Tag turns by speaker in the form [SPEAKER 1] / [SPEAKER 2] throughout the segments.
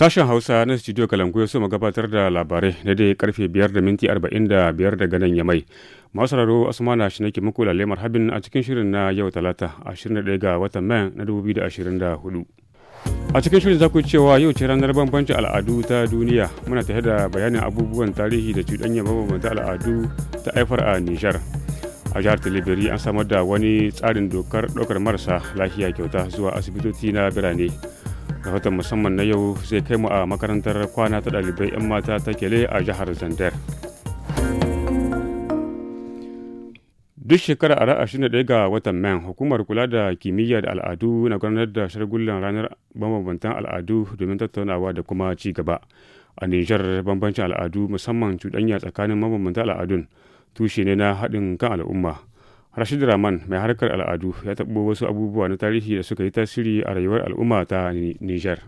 [SPEAKER 1] Sashen Hausa na Studio Kalangu ya so mu gabatar da labarai na dai karfe biyar da minti da biyar daga nan ya mai. Masu raro Asmana shi nake muku lalemar habin a cikin shirin na yau Talata 21 ga watan Mayan na 2024. A cikin shirin za ku cewa yau ce ranar bambancin al'adu ta duniya muna tafiya da bayanin abubuwan tarihi da cuɗanya mabambanta al'adu ta haifar a Nijar. a jihar Tilibiri an samar da wani tsarin dokar ɗaukar marasa lafiya kyauta zuwa asibitoci na birane watan musamman na yau zai kai mu a makarantar kwana ta dalibai 'yan mata ta kele a jihar zandar duk shekara a ra'a 21 ga watan man hukumar kula da kimiyya da al'adu na gudanar da shargullan ranar bambantan al'adu domin tattaunawa da kuma ci gaba a nijar bambancin al'adu musamman cuɗanya tsakanin mabambantan al'adun tushe ne na haɗin kan al'umma Rashid Rahman mai harkar al'adu ya taɓo wasu abubuwa na tarihi da suka yi tasiri a rayuwar al'umma ta Nijar.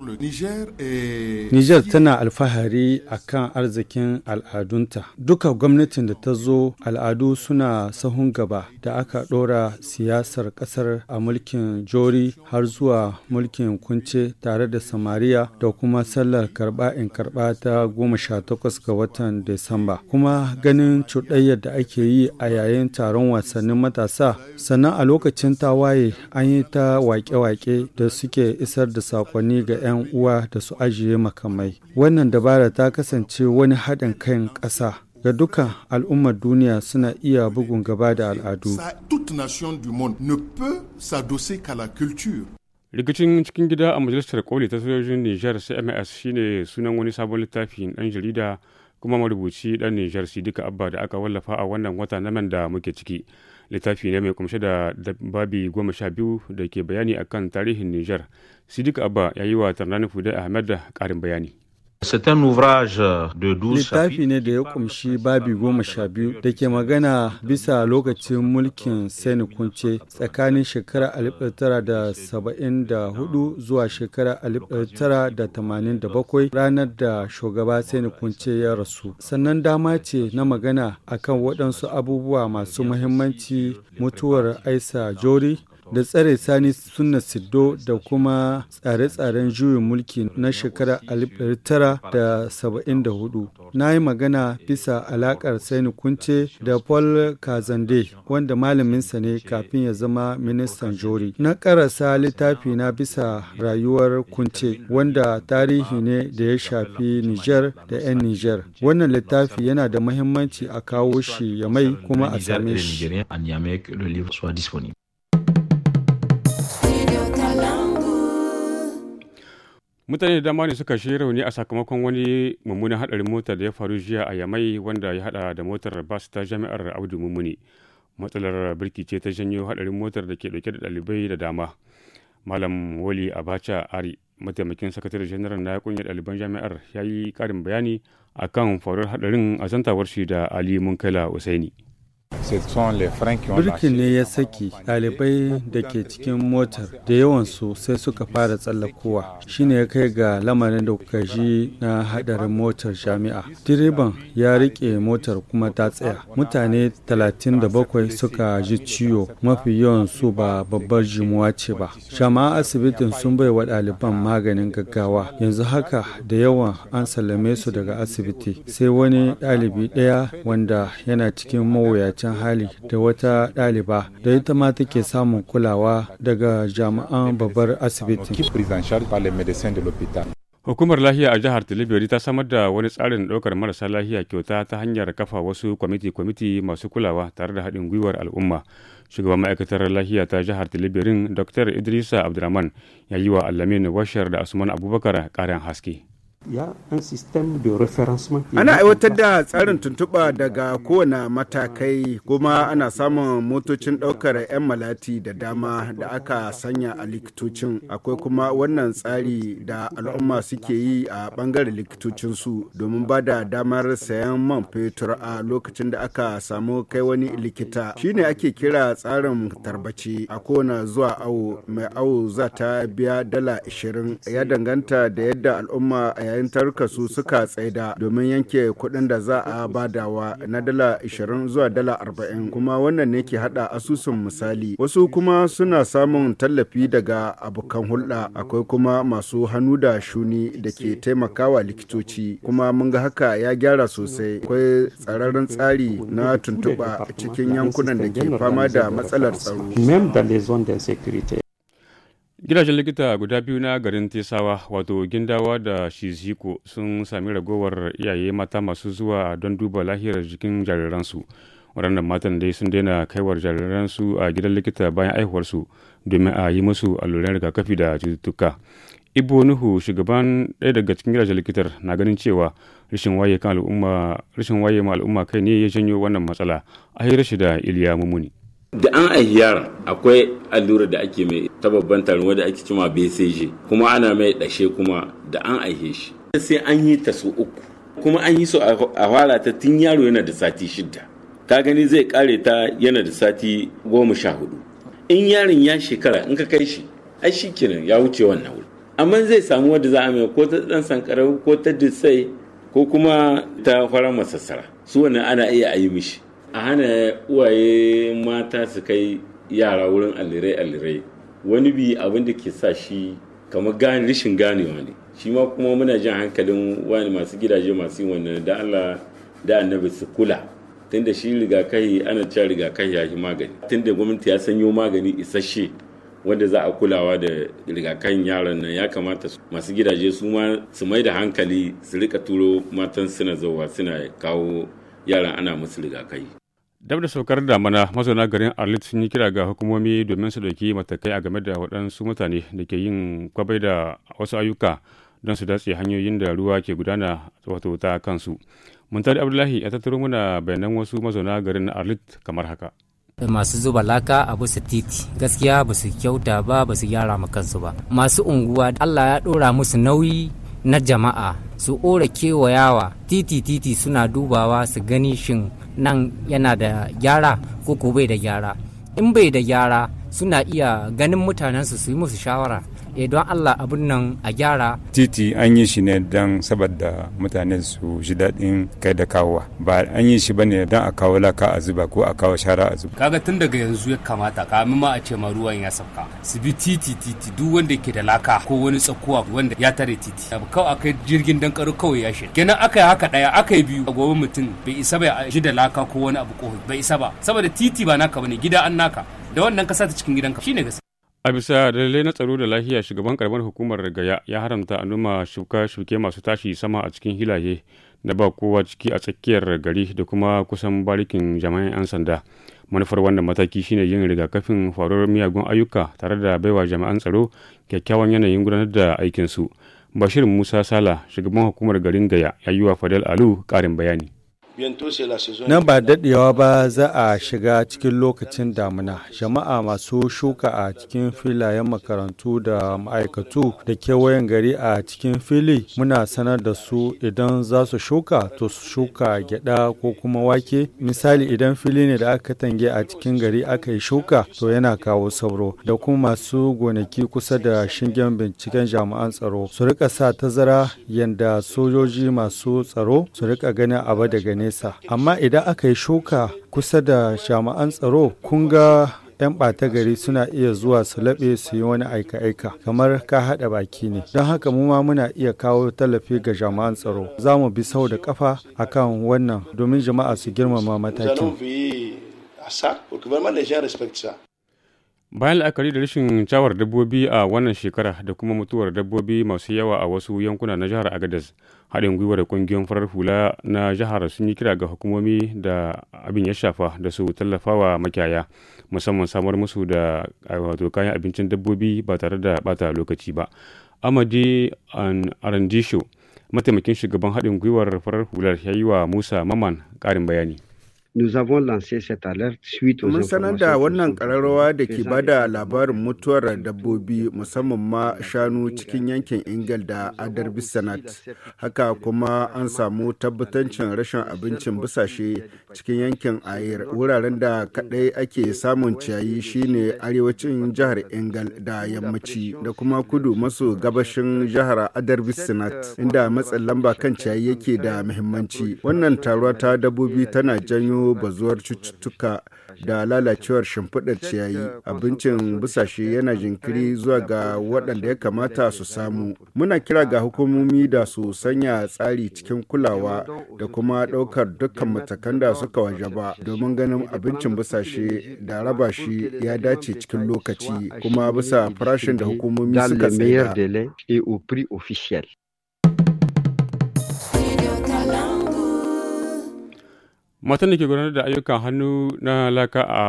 [SPEAKER 2] Nijar eh,
[SPEAKER 3] tana alfahari a kan arzikin al'adunta. Duka gwamnatin da ta zo al'adu suna sahun gaba da aka ɗora siyasar ƙasar a mulkin jori har zuwa mulkin kunce tare da samariya da kuma sallar karɓa in karɓa ta goma sha takwas ga watan Disamba. Kuma ganin cuɗayyar da ake yi a yayin taron wasannin matasa sannan a lokacin tawaye an yi ta wake-wake da suke isar da saƙonni ga 'yan uwa da su ajiye makamai. Wannan dabara ta kasance wani haɗin kan ƙasa. Ga duka al'ummar duniya suna iya bugun gaba da al'adu.
[SPEAKER 1] rikicin cikin gida a majalisar koli ta sojojin nijar cms shine sunan wani sabon littafin ɗan jarida kuma marubuci dan nijar duka abba da aka wallafa a wannan wata na da muke ciki littafi ne mai kumshe da babi goma sha biyu da ke bayani akan tarihin nijar sidik abba ya yi wa tarnani fude ahmed da ƙarin bayani
[SPEAKER 4] Littafi
[SPEAKER 3] ne da ya kumshi babi goma sha biyu da ke magana bisa lokacin mulkin Sani Kunce tsakanin shekara da saba'in da hudu zuwa shekara da tamanin da bakwai ranar da shugaba Sani Kunce ya rasu. Sannan dama ce na magana akan waɗansu abubuwa masu muhimmanci mutuwar Aisa Jori da tsare sani suna siddo da kuma tsare-tsaren juyin mulki na shekarar 1974 na yi magana bisa alakar saini kunce da paul kazande wanda malaminsa ne kafin ya zama ministan jori na karasa littafi na bisa rayuwar kunce wanda tarihi ne da ya shafi niger da 'yan niger wannan littafi yana da mahimmanci a kawo shi
[SPEAKER 1] ya mai kuma a same shi mutane da dama ne suka shi rauni a sakamakon wani mummunan hadarin motar da ya faru jiya a yamai wanda ya hada da motar bas ta jami'ar audu mummuni matsalar birki ce ta janyo hadarin motar da ke dauke da dalibai da dama malam wali abacha ari mataimakin sakatare janar na kunya daliban jami'ar ya yi karin bayani akan faruwar hadarin a zantawar shi da ali munkala usaini birkin
[SPEAKER 3] ne ya saki ɗalibai da ke cikin motar da yawansu sai suka fara tsallakowa shine ya kai ga lamarin da kuka ji na hadarin motar jami'a direban ya rike motar kuma ta tsaya mutane 37 suka ji ciwo mafi yawan su ba babbar jimuwa ce ba jama'a asibitin sun bai wa ɗaliban maganin gaggawa yanzu haka da yawan an sallame su daga asibiti sai wani ɗalibi ɗaya wanda yana cikin mawuyaci mawuyacin hali da wata ɗaliba da ita ma take samun kulawa daga jami'an babbar asibiti.
[SPEAKER 1] Hukumar lahiya a jihar Tilibiri ta samar da wani tsarin ɗaukar marasa lahiya kyauta ta hanyar kafa wasu kwamiti-kwamiti masu kulawa tare da haɗin gwiwar al'umma. Shugaban ma'aikatar lahiya ta jihar Tilibirin Dr. Idrisa Abdulrahman ya yi wa Alamin Washar da Asuman Abubakar ƙarin haske. Ana aiwatar
[SPEAKER 2] da tsarin tuntuɓa daga kowane matakai kuma ana samun motocin ɗaukar 'yan malati da dama da aka sanya a likitocin. Akwai kuma wannan tsari da al'umma suke yi a ɓangaren likitocinsu domin ba da damar sayan man fetur a lokacin da aka samu kai wani likita. shine ake kira tsarin tarbaci a kowane zuwa awo mai awo za ta biya dala 20 ya danganta da yadda al'umma a yayin su suka tsaida domin yanke kuɗin da za a badawa na dala 20 zuwa dala 40 kuma wannan ne ke hada asusun misali wasu kuma suna samun tallafi daga abokan hulɗa akwai kuma masu hannu da shuni da ke taimakawa likitoci kuma mun ga haka ya gyara sosai akwai tsararren tsari na tuntuɓa cikin yankunan da ke fama da matsalar tsaro
[SPEAKER 1] Gidajen likita guda biyu na garin Tesawa wato Gindawa da Shiziko sun sami ragowar iyaye mata masu zuwa don duba lahiyar jikin jariransu. Waɗannan matan dai sun daina kaiwar jariransu a gidan likita bayan aihuwarsu domin a yi musu alluran rigakafi da cututtuka. Ibo Nuhu shugaban ɗaya daga cikin gidajen likitar na ganin cewa rashin waye ma al'umma kai ne ya janyo wannan matsala a shi da Iliya Mumuni.
[SPEAKER 4] da an aihi akwai allura da ake mai ta babban tarin wadda ake cima bcg kuma ana mai dashe kuma da an aihe shi sai an yi ta su uku kuma an yi su a fara ta tun yaro yana da sati shida ta gani zai kare ta yana da sati goma sha hudu in yarin ya shekara in ka kai shi ai shi kenan ya wuce wannan wuri amma zai samu wadda za a mai ko ta dan sankarau ko ta disai ko kuma ta fara masassara su wannan ana iya a mishi a hana uwaye mata su kai yara wurin allirai-allirai wani bi abin da ke sa shi kamar gane rashin ganewa ne shi ma kuma muna jin hankalin wani masu gidaje masu yin wannan da Allah da annabi su kula tunda shi rigakafi ana cewa rigakafi ya yi magani tunda gwamnati ya sanyo magani isasshe wanda za a kulawa da rigakafin yaran nan ya kamata masu gidaje su ma su mai da hankali su rika turo matan suna zauwa suna kawo yaran ana musu rigakafi
[SPEAKER 1] dab da saukar damana mazauna garin arlit sun yi kira ga hukumomi domin su dauki matakai a game da waɗansu mutane da ke yin kwabai da wasu ayyuka don su datse hanyoyin da ruwa ke gudana wato ta kansu muntari abdullahi ya tattaro muna bayanan wasu mazauna garin arlit kamar haka masu zuba laka a bisa titi gaskiya ba su kyauta ba ba su gyara ma kansu ba masu unguwa allah ya ɗora musu nauyi na jama'a su ora kewayawa titi-titi suna dubawa su gani shin nan yana da gyara ko ko bai da gyara in bai da gyara suna iya ganin mutanensu su yi musu shawara e don allah abin nan a gyara titi an yi shi ne don saboda mutane su ji daɗin kai da kawowa ba an yi shi ba ne don a kawo laka a zuba ko a kawo shara a zuba
[SPEAKER 4] kaga tun daga yanzu ya kamata ka ma a ce ma ruwan ya sauka su bi titi titi duk wanda ke da laka ko wani tsakuwa wanda ya tare titi abu kawai akai jirgin dan karo kawai ya shi kenan aka yi haka ɗaya aka yi biyu a gobe mutum bai isa ba ji da laka ko wani abu ko bai isa ba saboda titi ba naka bane gida an naka da wannan kasa ta cikin gidanka shine gaskiya a
[SPEAKER 1] bisa dalilai na tsaro da lafiya shugaban karamar hukumar gaya ya haramta a noma shuke-shuke masu tashi sama a cikin hilaye da ba kowa ciki a tsakiyar gari da kuma kusan barikin jami'an 'yan sanda manufar wannan mataki shine yin rigakafin faruwar miyagun ayyuka tare da baiwa jami'an tsaro kyakkyawan yanayin gudanar da aikinsu bashirin musa sala shugaban hukumar garin gaya ya yi wa fadal alu karin bayani
[SPEAKER 2] Nan ba daɗewa
[SPEAKER 3] ba za a shiga cikin lokacin damina. Jama'a masu shuka a cikin filayen makarantu da ma'aikatu da kewayen gari a cikin fili muna sanar da su idan za su shuka to su shuka gyaɗa ko kuma wake. Misali idan fili ne da aka tange a cikin gari aka yi shuka to yana kawo sauro da kuma masu gonaki kusa da shingen binciken jami'an tsaro su rika sa tazara yanda sojoji masu tsaro su rika ganin abu da gani nesa amma idan aka yi shuka kusa da jama'an tsaro kun ga 'yan ɓata gari suna iya zuwa su laɓe su yi wani aika-aika kamar ka haɗa baki ne don haka mu ma muna iya kawo tallafi ga jama'an tsaro za mu bi sau da kafa akan wannan domin jama'a su girmama matakin
[SPEAKER 1] bayan la'akari da rashin cawar dabbobi a wannan shekara da kuma mutuwar dabbobi masu yawa a wasu yankuna na jihar agadez haɗin gwiwar da farar hula na jihar sun yi kira ga hukumomi da abin ya shafa da su tallafawa makiyaya musamman samar musu da wato kayan abincin dabbobi ba tare da bata lokaci ba amadi an arandisho mataimakin shugaban haɗin gwiwar farar hular ya yi wa musa maman ƙarin bayani Nous avons lancé cette alerte suite aux Mun sanar wannan
[SPEAKER 2] kararrawa da ke bada labarin mutuwar dabbobi musamman ma shanu cikin yankin Ingal da Adar Bisanat. Haka kuma an samu tabbatancin rashin abincin busashe cikin yankin Ayer wuraren da kadai ake samun ciyayi shine arewacin jihar Ingal da yammaci da kuma kudu maso gabashin jihar Adar Bisanat inda matsin lamba kan ciyayi yake da muhimmanci. Wannan taruwa ta dabbobi tana janyo gano bazuwar cututtuka da lalacewar shimfiɗar ciyayi abincin busashe yana jinkiri zuwa ga waɗanda ya kamata su samu muna kira ga hukumomi da su sanya tsari cikin kulawa da kuma ɗaukar dukkan matakan da suka ba domin ganin abincin busashe da raba shi ya dace cikin lokaci kuma bisa farashin da hukumomi suka tsaida
[SPEAKER 1] matan da ke gudanar da ayyukan hannu na laka a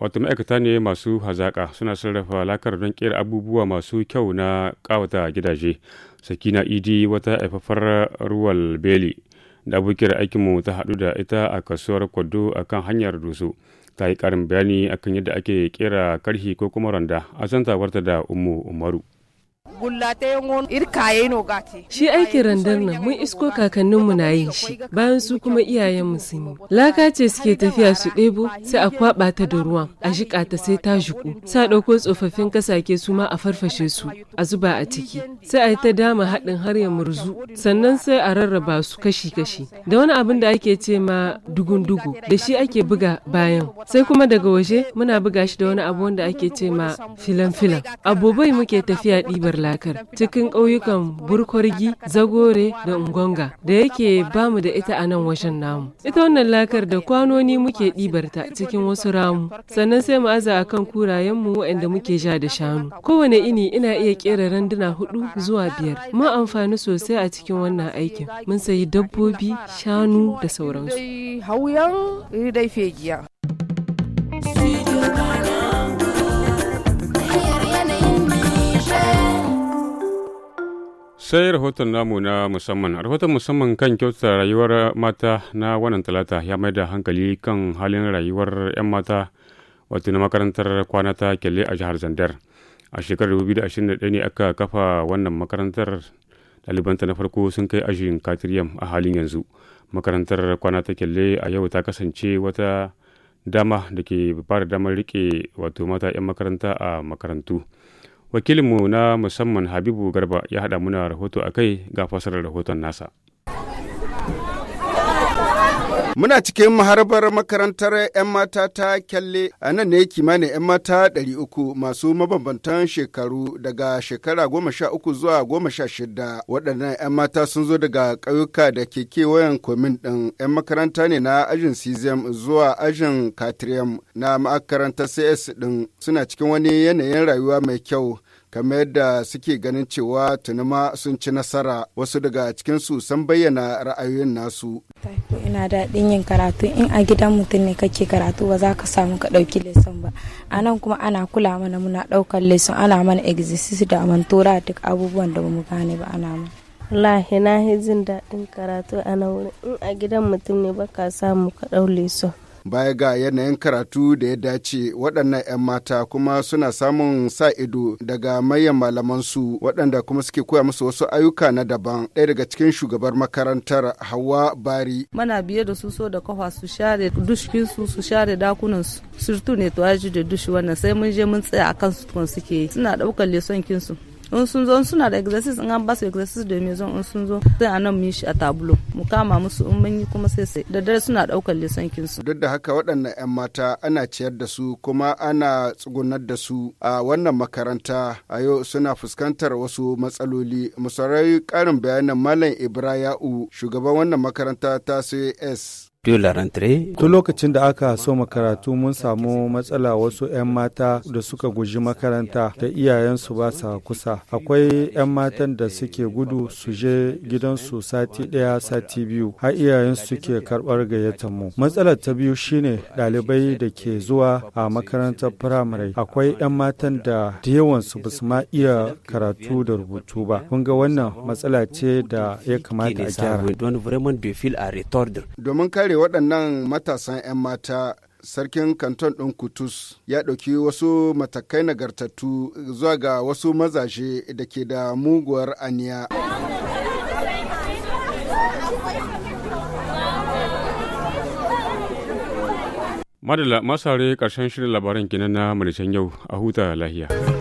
[SPEAKER 1] wato ma'aikata ne masu hazaƙa suna sarrafa lakar don kera abubuwa masu kyau na ƙawata gidaje sakina idi wata haifafar ruwal beli da abokiyar aikinmu ta haɗu da ita a kasuwar kwado a kan hanyar dusu ta yi ƙarin bayani akan yadda ake kera karhi ko kuma randa a warta da umu umaru
[SPEAKER 2] gullate ngon irkaye no gati shi aikin randar nan mun isko kakannin mu na yin shi bayan su kuma iyayen mu sun yi laka ce suke tafiya su ɗebo sai a kwaba ta da ruwan a jika ta sai ta jiku sa ɗauko tsofaffin kasake su ma a farfashe su a zuba a ciki sai a yi ta dama haɗin har ya murzu sannan sai a rarraba su kashi-kashi da wani abin da ake ce ma dugun-dugu da shi ake buga bayan sai kuma daga waje muna buga shi da wani abu wanda ake ce ma filan-filan abubai muke tafiya ɗibar harakar cikin ƙauyukan burkwargi zagore da ngonga. da yake bamu da ita a nan wajen namu ita wannan lakar da kwanoni muke ɗibarta cikin wasu ramu sannan sai mu aza kan kurayenmu waɗanda muke ja da shanu kowane ini ina iya ƙera randuna hudu zuwa biyar mun amfani sosai a cikin wannan aikin mun sayi dabbobi shanu da sauransu
[SPEAKER 4] hauyan eh, fegiya
[SPEAKER 1] sai rahoton namu na musamman rahoton musamman kan kyauta rayuwar mata na wannan talata ya mai da hankali kan halin rayuwar 'yan mata wato na makarantar kwana ta kyalle a jihar zandar a shekarar 2021 ne aka kafa wannan makarantar ɗalibanta na farko sun kai ajin katiriyam a halin yanzu makarantar kwana ta kyalle a yau ta kasance wata dama da ke fara dama damar rike wato mata 'yan makaranta a makarantu. wakilinmu na musamman habibu garba ya haɗa muna rahoto a kai ga fasarar rahoton nasa Muna cikin maharbar makarantar
[SPEAKER 2] 'yan mata ta kyalle a nan ne kimanin 'yan mata 300 masu mabambantan shekaru daga shekara 13 zuwa 16 waɗannan 'yan mata sun zo daga ƙauyuka da ke kewayen komin ɗin 'yan makaranta ne na ajin cesium zuwa ajin katriam na makarantar cs ɗin suna cikin wani yanayin rayuwa mai kyau kamar yadda suke ganin cewa tunuma sun ci nasara wasu daga cikinsu sun bayyana ra'ayoyin nasu. ina daɗin yin karatu in a gidan mutum ne kake karatu ba za ka samu ka ɗauki lesson ba a nan kuma ana kula mana muna ɗaukar lesson ana mana exercise da mantora duk abubuwan da bamu gane ba ana mana. wallahi na jin daɗin karatu a nan wurin in a gidan mutum ne ba ka samu ka ɗau lesson. baya ga yanayin karatu da ya dace waɗannan 'yan mata kuma suna samun sa ido daga mayan malamansu waɗanda kuma suke koya musu wasu ayyuka na daban ɗaya daga cikin shugabar makarantar hawa bari mana biye da su so da kafa su share dushkin su su share su surtu ne tuwaji da dushi wannan sai mun je mun tsaya akan su tukun suke suna ɗaukar leson kinsu in sun suna da exercise in an ba su exercise da maison in sun zo sai a nan mu a tabulo mu kama musu in mun yi kuma sai sai da dare suna daukar lisankin su duk da haka waɗannan yan mata ana ciyar da su kuma ana tsugunar da su a wannan makaranta a yau suna fuskantar wasu matsaloli musarai karin ƙarin bayanan malam ibrahim shugaban wannan makaranta ta cs
[SPEAKER 3] Tun lokacin da aka soma karatu mun samu matsala wasu 'yan mata da suka guji makaranta da iyayensu ba sa kusa. Akwai 'yan matan da suke gudu su je gidansu sati ɗaya sati biyu har iyayensu suke karɓar gayyatar mu. Matsalar ta biyu shine ɗalibai da ke zuwa a makarantar firamare. Akwai 'yan matan da da yawansu ba su ma iya karatu da rubutu ba. Kun ga wannan matsala ce da ya kamata
[SPEAKER 2] a gyara. Domin kare tsare waɗannan matasan 'yan mata sarkin kanton ɗin kutus ya ɗauki wasu matakai nagartattu zuwa ga wasu mazaje da ke da muguwar aniya.
[SPEAKER 1] madala masare ƙarshen shirin labaran kinan na yau a huta lahiya.